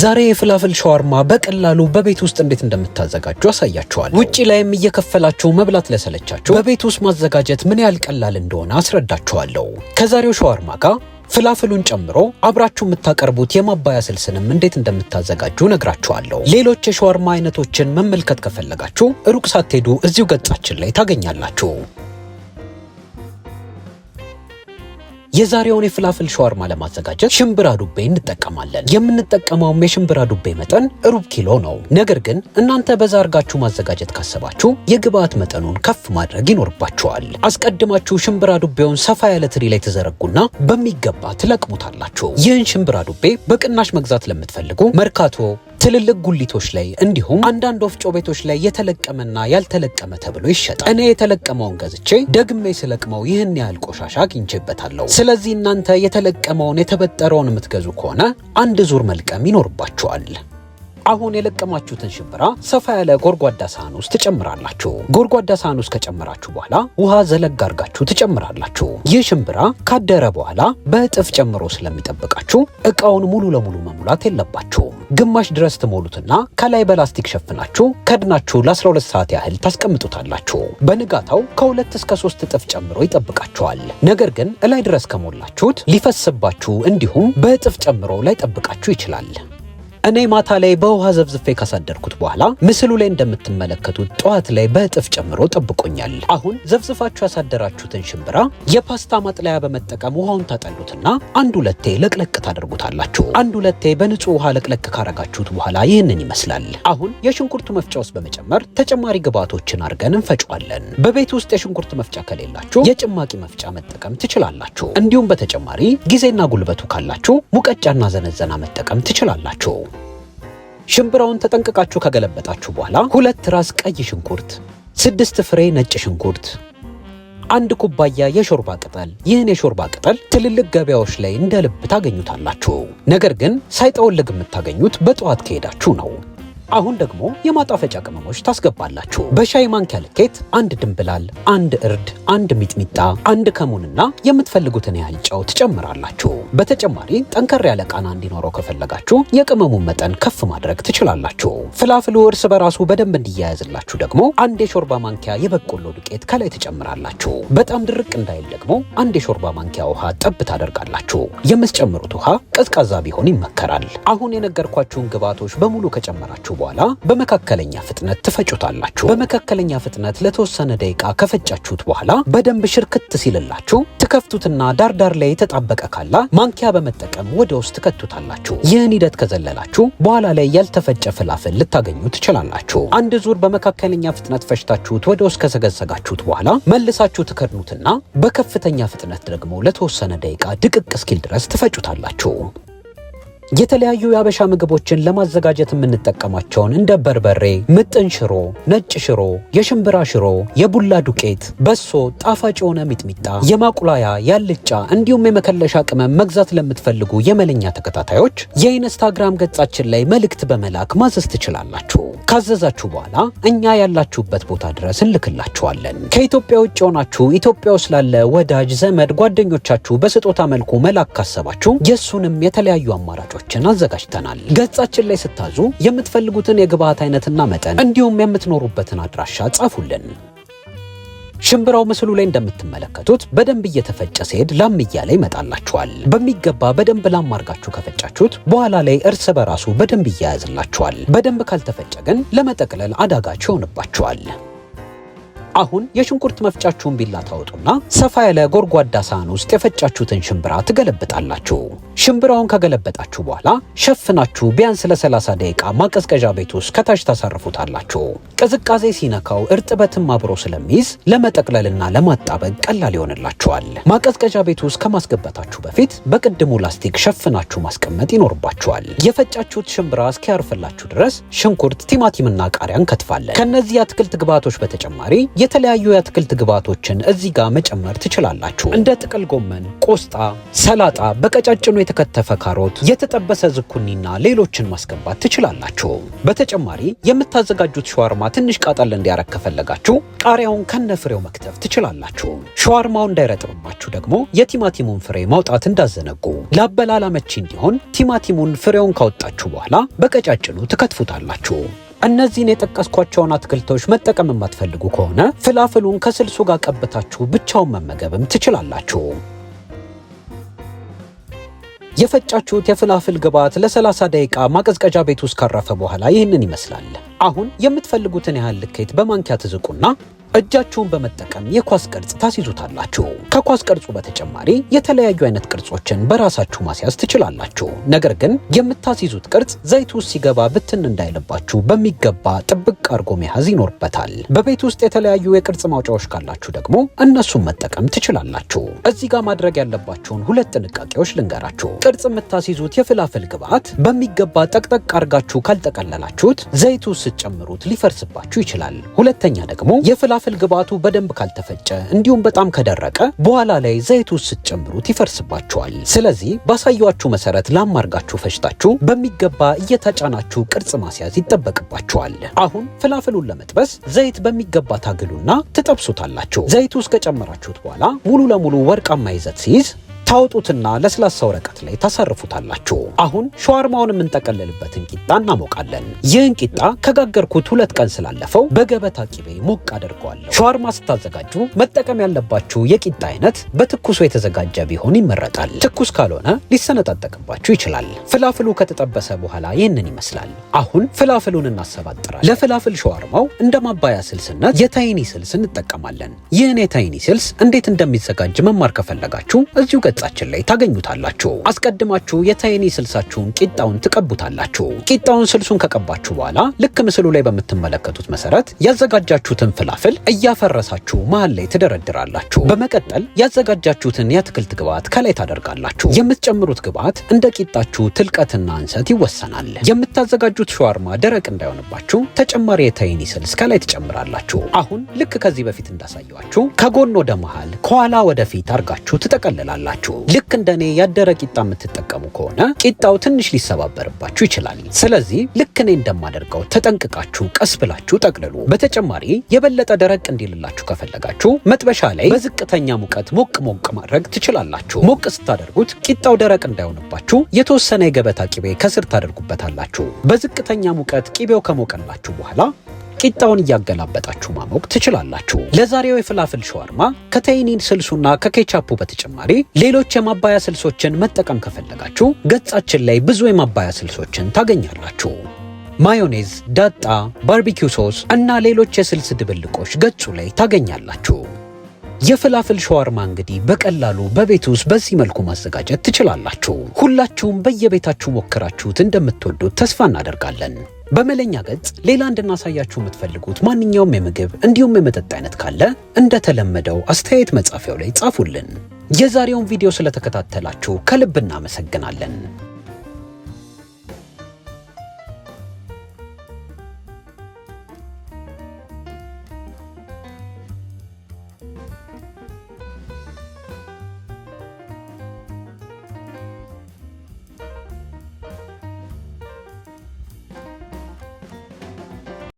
ዛሬ የፍላፍል ሸዋርማ በቀላሉ በቤት ውስጥ እንዴት እንደምታዘጋጁ አሳያችኋል። ውጭ ላይም እየከፈላችሁ መብላት ለሰለቻችሁ በቤት ውስጥ ማዘጋጀት ምን ያህል ቀላል እንደሆነ አስረዳችኋለሁ። ከዛሬው ሸዋርማ ጋር ፍላፍሉን ጨምሮ አብራችሁ የምታቀርቡት የማባያ ስልስንም እንዴት እንደምታዘጋጁ ነግራችኋለሁ። ሌሎች የሸዋርማ አይነቶችን መመልከት ከፈለጋችሁ ሩቅ ሳትሄዱ እዚሁ ገጻችን ላይ ታገኛላችሁ። የዛሬውን የፍላፍል ሸዋርማ ለማዘጋጀት ሽምብራ ዱቤ እንጠቀማለን። የምንጠቀመውም የሽምብራ ዱቤ መጠን ሩብ ኪሎ ነው። ነገር ግን እናንተ በዛ አርጋችሁ ማዘጋጀት ካሰባችሁ የግብአት መጠኑን ከፍ ማድረግ ይኖርባችኋል። አስቀድማችሁ ሽምብራ ዱቤውን ሰፋ ያለ ትሪ ላይ ተዘረጉና በሚገባ ትለቅሙታላችሁ። ይህን ሽምብራ ዱቤ በቅናሽ መግዛት ለምትፈልጉ መርካቶ ትልልቅ ጉሊቶች ላይ እንዲሁም አንዳንድ ወፍጮ ቤቶች ላይ የተለቀመና ያልተለቀመ ተብሎ ይሸጣል። እኔ የተለቀመውን ገዝቼ ደግሜ ስለቅመው ይህን ያህል ቆሻሻ አግኝቼበታለሁ። ስለዚህ እናንተ የተለቀመውን የተበጠረውን የምትገዙ ከሆነ አንድ ዙር መልቀም ይኖርባችኋል። አሁን የለቀማችሁትን ሽምብራ ሰፋ ያለ ጎድጓዳ ሳህን ውስጥ ትጨምራላችሁ። ጎድጓዳ ሳህን ውስጥ ከጨመራችሁ በኋላ ውሃ ዘለግ አርጋችሁ ትጨምራላችሁ። ይህ ሽምብራ ካደረ በኋላ በእጥፍ ጨምሮ ስለሚጠብቃችሁ እቃውን ሙሉ ለሙሉ መሙላት የለባችሁም። ግማሽ ድረስ ትሞሉትና ከላይ በላስቲክ ሸፍናችሁ ከድናችሁ ለ12 ሰዓት ያህል ታስቀምጡታላችሁ። በንጋታው ከሁለት እስከ ሶስት እጥፍ ጨምሮ ይጠብቃችኋል። ነገር ግን እላይ ድረስ ከሞላችሁት ሊፈስባችሁ እንዲሁም በእጥፍ ጨምሮ ላይጠብቃችሁ ይችላል። እኔ ማታ ላይ በውሃ ዘብዝፌ ካሳደርኩት በኋላ ምስሉ ላይ እንደምትመለከቱት ጠዋት ላይ በእጥፍ ጨምሮ ጠብቆኛል። አሁን ዘፍዝፋችሁ ያሳደራችሁትን ሽምብራ የፓስታ ማጥለያ በመጠቀም ውሃውን ታጠሉትና አንድ ሁለቴ ለቅለቅ ታደርጉታላችሁ። አንድ ሁለቴ በንጹህ ውሃ ለቅለቅ ካረጋችሁት በኋላ ይህንን ይመስላል። አሁን የሽንኩርቱ መፍጫ ውስጥ በመጨመር ተጨማሪ ግብአቶችን አድርገን እንፈጫዋለን። በቤት ውስጥ የሽንኩርት መፍጫ ከሌላችሁ የጭማቂ መፍጫ መጠቀም ትችላላችሁ። እንዲሁም በተጨማሪ ጊዜና ጉልበቱ ካላችሁ ሙቀጫና ዘነዘና መጠቀም ትችላላችሁ። ሽምብራውን ተጠንቅቃችሁ ከገለበጣችሁ በኋላ ሁለት ራስ ቀይ ሽንኩርት፣ ስድስት ፍሬ ነጭ ሽንኩርት አንድ ኩባያ የሾርባ ቅጠል። ይህን የሾርባ ቅጠል ትልልቅ ገበያዎች ላይ እንደ ልብ ታገኙታላችሁ። ነገር ግን ሳይጠወልግ የምታገኙት በጠዋት ከሄዳችሁ ነው። አሁን ደግሞ የማጣፈጫ ቅመሞች ታስገባላችሁ። በሻይ ማንኪያ ልኬት አንድ ድንብላል፣ አንድ እርድ፣ አንድ ሚጥሚጣ፣ አንድ ከሙንና የምትፈልጉትን ያህል ጨው ትጨምራላችሁ። በተጨማሪ ጠንከር ያለ ቃና እንዲኖረው ከፈለጋችሁ የቅመሙን መጠን ከፍ ማድረግ ትችላላችሁ። ፍላፍሉ እርስ በራሱ በደንብ እንዲያያዝላችሁ ደግሞ አንድ የሾርባ ማንኪያ የበቆሎ ዱቄት ከላይ ትጨምራላችሁ። በጣም ድርቅ እንዳይል ደግሞ አንድ የሾርባ ማንኪያ ውሃ ጠብ ታደርጋላችሁ። የምትጨምሩት ውሃ ቀዝቃዛ ቢሆን ይመከራል። አሁን የነገርኳችሁን ግብዓቶች በሙሉ ከጨመራችሁ በኋላ በመካከለኛ ፍጥነት ትፈጩታላችሁ። በመካከለኛ ፍጥነት ለተወሰነ ደቂቃ ከፈጫችሁት በኋላ በደንብ ሽርክት ሲልላችሁ ትከፍቱትና ዳርዳር ላይ የተጣበቀ ካላ ማንኪያ በመጠቀም ወደ ውስጥ ትከቱታላችሁ። ይህን ሂደት ከዘለላችሁ በኋላ ላይ ያልተፈጨ ፍላፍል ልታገኙ ትችላላችሁ። አንድ ዙር በመካከለኛ ፍጥነት ፈጭታችሁት ወደ ውስጥ ከዘገዘጋችሁት በኋላ መልሳችሁ ትከድኑትና በከፍተኛ ፍጥነት ደግሞ ለተወሰነ ደቂቃ ድቅቅ እስኪል ድረስ ትፈጩታላችሁ። የተለያዩ የአበሻ ምግቦችን ለማዘጋጀት የምንጠቀማቸውን እንደ በርበሬ፣ ምጥን ሽሮ፣ ነጭ ሽሮ፣ የሽምብራ ሽሮ፣ የቡላ ዱቄት፣ በሶ፣ ጣፋጭ የሆነ ሚጥሚጣ፣ የማቁላያ፣ ያልጫ እንዲሁም የመከለሻ ቅመም መግዛት ለምትፈልጉ የመለኛ ተከታታዮች የኢንስታግራም ገጻችን ላይ መልእክት በመላክ ማዘዝ ትችላላችሁ። ካዘዛችሁ በኋላ እኛ ያላችሁበት ቦታ ድረስ እንልክላችኋለን። ከኢትዮጵያ ውጭ የሆናችሁ ኢትዮጵያ ውስጥ ላለ ወዳጅ ዘመድ ጓደኞቻችሁ በስጦታ መልኩ መላክ ካሰባችሁ የእሱንም የተለያዩ አማራጮች ግብአቶችን አዘጋጅተናል። ገጻችን ላይ ስታዙ የምትፈልጉትን የግብአት አይነትና መጠን እንዲሁም የምትኖሩበትን አድራሻ ጻፉልን። ሽምብራው ምስሉ ላይ እንደምትመለከቱት በደንብ እየተፈጨ ሲሄድ ላም እያለ ይመጣላችኋል። በሚገባ በደንብ ላም አድርጋችሁ ከፈጫችሁት በኋላ ላይ እርስ በራሱ በደንብ እያያዝላችኋል። በደንብ ካልተፈጨ ግን ለመጠቅለል አዳጋች ይሆንባችኋል። አሁን የሽንኩርት መፍጫችሁን ቢላ ታወጡና ሰፋ ያለ ጎድጓዳ ሳህን ውስጥ የፈጫችሁትን ሽምብራ ትገለብጣላችሁ። ሽምብራውን ከገለበጣችሁ በኋላ ሸፍናችሁ ቢያንስ ለ30 ደቂቃ ማቀዝቀዣ ቤት ውስጥ ከታች ታሳርፉታላችሁ። ቅዝቃዜ ሲነካው እርጥበትም አብሮ ስለሚይዝ ለመጠቅለልና ለማጣበቅ ቀላል ይሆንላችኋል። ማቀዝቀዣ ቤት ውስጥ ከማስገባታችሁ በፊት በቅድሙ ላስቲክ ሸፍናችሁ ማስቀመጥ ይኖርባችኋል። የፈጫችሁት ሽምብራ እስኪያርፍላችሁ ድረስ ሽንኩርት፣ ቲማቲምና ቃሪያን ከትፋለን። ከእነዚህ የአትክልት ግብዓቶች በተጨማሪ የተለያዩ የአትክልት ግብዓቶችን እዚህ ጋር መጨመር ትችላላችሁ። እንደ ጥቅል ጎመን፣ ቆስጣ፣ ሰላጣ፣ በቀጫጭኑ የተከተፈ ካሮት፣ የተጠበሰ ዝኩኒና ሌሎችን ማስገባት ትችላላችሁ። በተጨማሪ የምታዘጋጁት ሸዋርማ ትንሽ ቃጠል እንዲያረግ ከፈለጋችሁ ቃሪያውን ከነ ፍሬው መክተፍ ትችላላችሁ። ሸዋርማው እንዳይረጥብባችሁ ደግሞ የቲማቲሙን ፍሬ ማውጣት እንዳዘነጉ። ለአበላላ አመቺ እንዲሆን ቲማቲሙን ፍሬውን ካወጣችሁ በኋላ በቀጫጭኑ ትከትፉታላችሁ። እነዚህን የጠቀስኳቸውን አትክልቶች መጠቀም የማትፈልጉ ከሆነ ፍላፍሉን ከስልሱ ጋር ቀብታችሁ ብቻውን መመገብም ትችላላችሁ። የፈጫችሁት የፍላፍል ግብዓት ለ30 ደቂቃ ማቀዝቀዣ ቤት ውስጥ ካረፈ በኋላ ይህንን ይመስላል። አሁን የምትፈልጉትን ያህል ልኬት በማንኪያ ትዝቁና እጃችሁን በመጠቀም የኳስ ቅርጽ ታስይዙታላችሁ። ከኳስ ቅርጹ በተጨማሪ የተለያዩ አይነት ቅርጾችን በራሳችሁ ማስያዝ ትችላላችሁ። ነገር ግን የምታስይዙት ቅርጽ ዘይት ውስጥ ሲገባ ብትን እንዳይለባችሁ በሚገባ ጥብቅ አድርጎ መያዝ ይኖርበታል። በቤት ውስጥ የተለያዩ የቅርጽ ማውጫዎች ካላችሁ ደግሞ እነሱን መጠቀም ትችላላችሁ። እዚህ ጋር ማድረግ ያለባችሁን ሁለት ጥንቃቄዎች ልንገራችሁ። ቅርጽ የምታስይዙት የፍላፍል ግብዓት በሚገባ ጠቅጠቅ አድርጋችሁ ካልጠቀለላችሁት ዘይቱ ስትጨምሩት ሊፈርስባችሁ ይችላል። ሁለተኛ ደግሞ የፍልፍል ግብአቱ በደንብ ካልተፈጨ እንዲሁም በጣም ከደረቀ በኋላ ላይ ዘይት ውስጥ ስትጨምሩት ይፈርስባችኋል። ስለዚህ ባሳያችሁ መሰረት ላማርጋችሁ ፈጭታችሁ በሚገባ እየተጫናችሁ ቅርጽ ማስያዝ ይጠበቅባችኋል። አሁን ፍላፍሉን ለመጥበስ ዘይት በሚገባ ታግሉና ትጠብሱታላችሁ። ውስጥ ከጨመራችሁት በኋላ ሙሉ ለሙሉ ወርቃማ ይዘት ሲይዝ ታወጡትና ለስላሳ ወረቀት ላይ ታሳርፉታላችሁ። አሁን ሸዋርማውን የምንጠቀልልበትን ቂጣ እናሞቃለን። ይህን ቂጣ ከጋገርኩት ሁለት ቀን ስላለፈው በገበታ ቂቤ ሞቅ አድርገዋለሁ። ሸዋርማ ስታዘጋጁ መጠቀም ያለባችሁ የቂጣ አይነት በትኩሱ የተዘጋጀ ቢሆን ይመረጣል። ትኩስ ካልሆነ ሊሰነጣጠቅባችሁ ይችላል። ፍላፍሉ ከተጠበሰ በኋላ ይህንን ይመስላል። አሁን ፍላፍሉን እናሰባጥራል። ለፍላፍል ሸዋርማው እንደ ማባያ ስልስነት የታይኒ ስልስ እንጠቀማለን። ይህን የታይኒ ስልስ እንዴት እንደሚዘጋጅ መማር ከፈለጋችሁ እዚሁ ገጻችን ላይ ታገኙታላችሁ። አስቀድማችሁ የታይኒ ስልሳችሁን ቂጣውን ትቀቡታላችሁ። ቂጣውን ስልሱን ከቀባችሁ በኋላ ልክ ምስሉ ላይ በምትመለከቱት መሰረት ያዘጋጃችሁትን ፍላፍል እያፈረሳችሁ መሀል ላይ ትደረድራላችሁ። በመቀጠል ያዘጋጃችሁትን የአትክልት ግብዓት ከላይ ታደርጋላችሁ። የምትጨምሩት ግብዓት እንደ ቂጣችሁ ትልቀትና እንሰት ይወሰናል። የምታዘጋጁት ሸዋርማ ደረቅ እንዳይሆንባችሁ ተጨማሪ የታይኒ ስልስ ከላይ ትጨምራላችሁ። አሁን ልክ ከዚህ በፊት እንዳሳየዋችሁ ከጎን ወደ መሃል ከኋላ ወደፊት አርጋችሁ ትጠቀልላላችሁ። ከሆናችሁ ልክ እንደኔ ያደረ ቂጣ የምትጠቀሙ ከሆነ ቂጣው ትንሽ ሊሰባበርባችሁ ይችላል። ስለዚህ ልክ እኔ እንደማደርገው ተጠንቅቃችሁ ቀስ ብላችሁ ጠቅልሉ። በተጨማሪ የበለጠ ደረቅ እንዲልላችሁ ከፈለጋችሁ መጥበሻ ላይ በዝቅተኛ ሙቀት ሞቅ ሞቅ ማድረግ ትችላላችሁ። ሞቅ ስታደርጉት ቂጣው ደረቅ እንዳይሆንባችሁ የተወሰነ የገበታ ቂቤ ከስር ታደርጉበታላችሁ። በዝቅተኛ ሙቀት ቂቤው ከሞቀላችሁ በኋላ ቂጣውን እያገላበጣችሁ ማሞቅ ትችላላችሁ። ለዛሬው የፍላፍል ሸዋርማ ከተይኒን ስልሱና ከኬቻፑ በተጨማሪ ሌሎች የማባያ ስልሶችን መጠቀም ከፈለጋችሁ ገጻችን ላይ ብዙ የማባያ ስልሶችን ታገኛላችሁ። ማዮኔዝ፣ ዳጣ፣ ባርቢኪው ሶስ እና ሌሎች የስልስ ድብልቆች ገጹ ላይ ታገኛላችሁ። የፍላፍል ሸዋርማ እንግዲህ በቀላሉ በቤት ውስጥ በዚህ መልኩ ማዘጋጀት ትችላላችሁ። ሁላችሁም በየቤታችሁ ሞክራችሁት እንደምትወዱት ተስፋ እናደርጋለን። በመለኛ ገጽ ሌላ እንድናሳያችሁ የምትፈልጉት ማንኛውም የምግብ እንዲሁም የመጠጥ አይነት ካለ እንደተለመደው አስተያየት መጻፊያው ላይ ጻፉልን። የዛሬውን ቪዲዮ ስለተከታተላችሁ ከልብ እናመሰግናለን።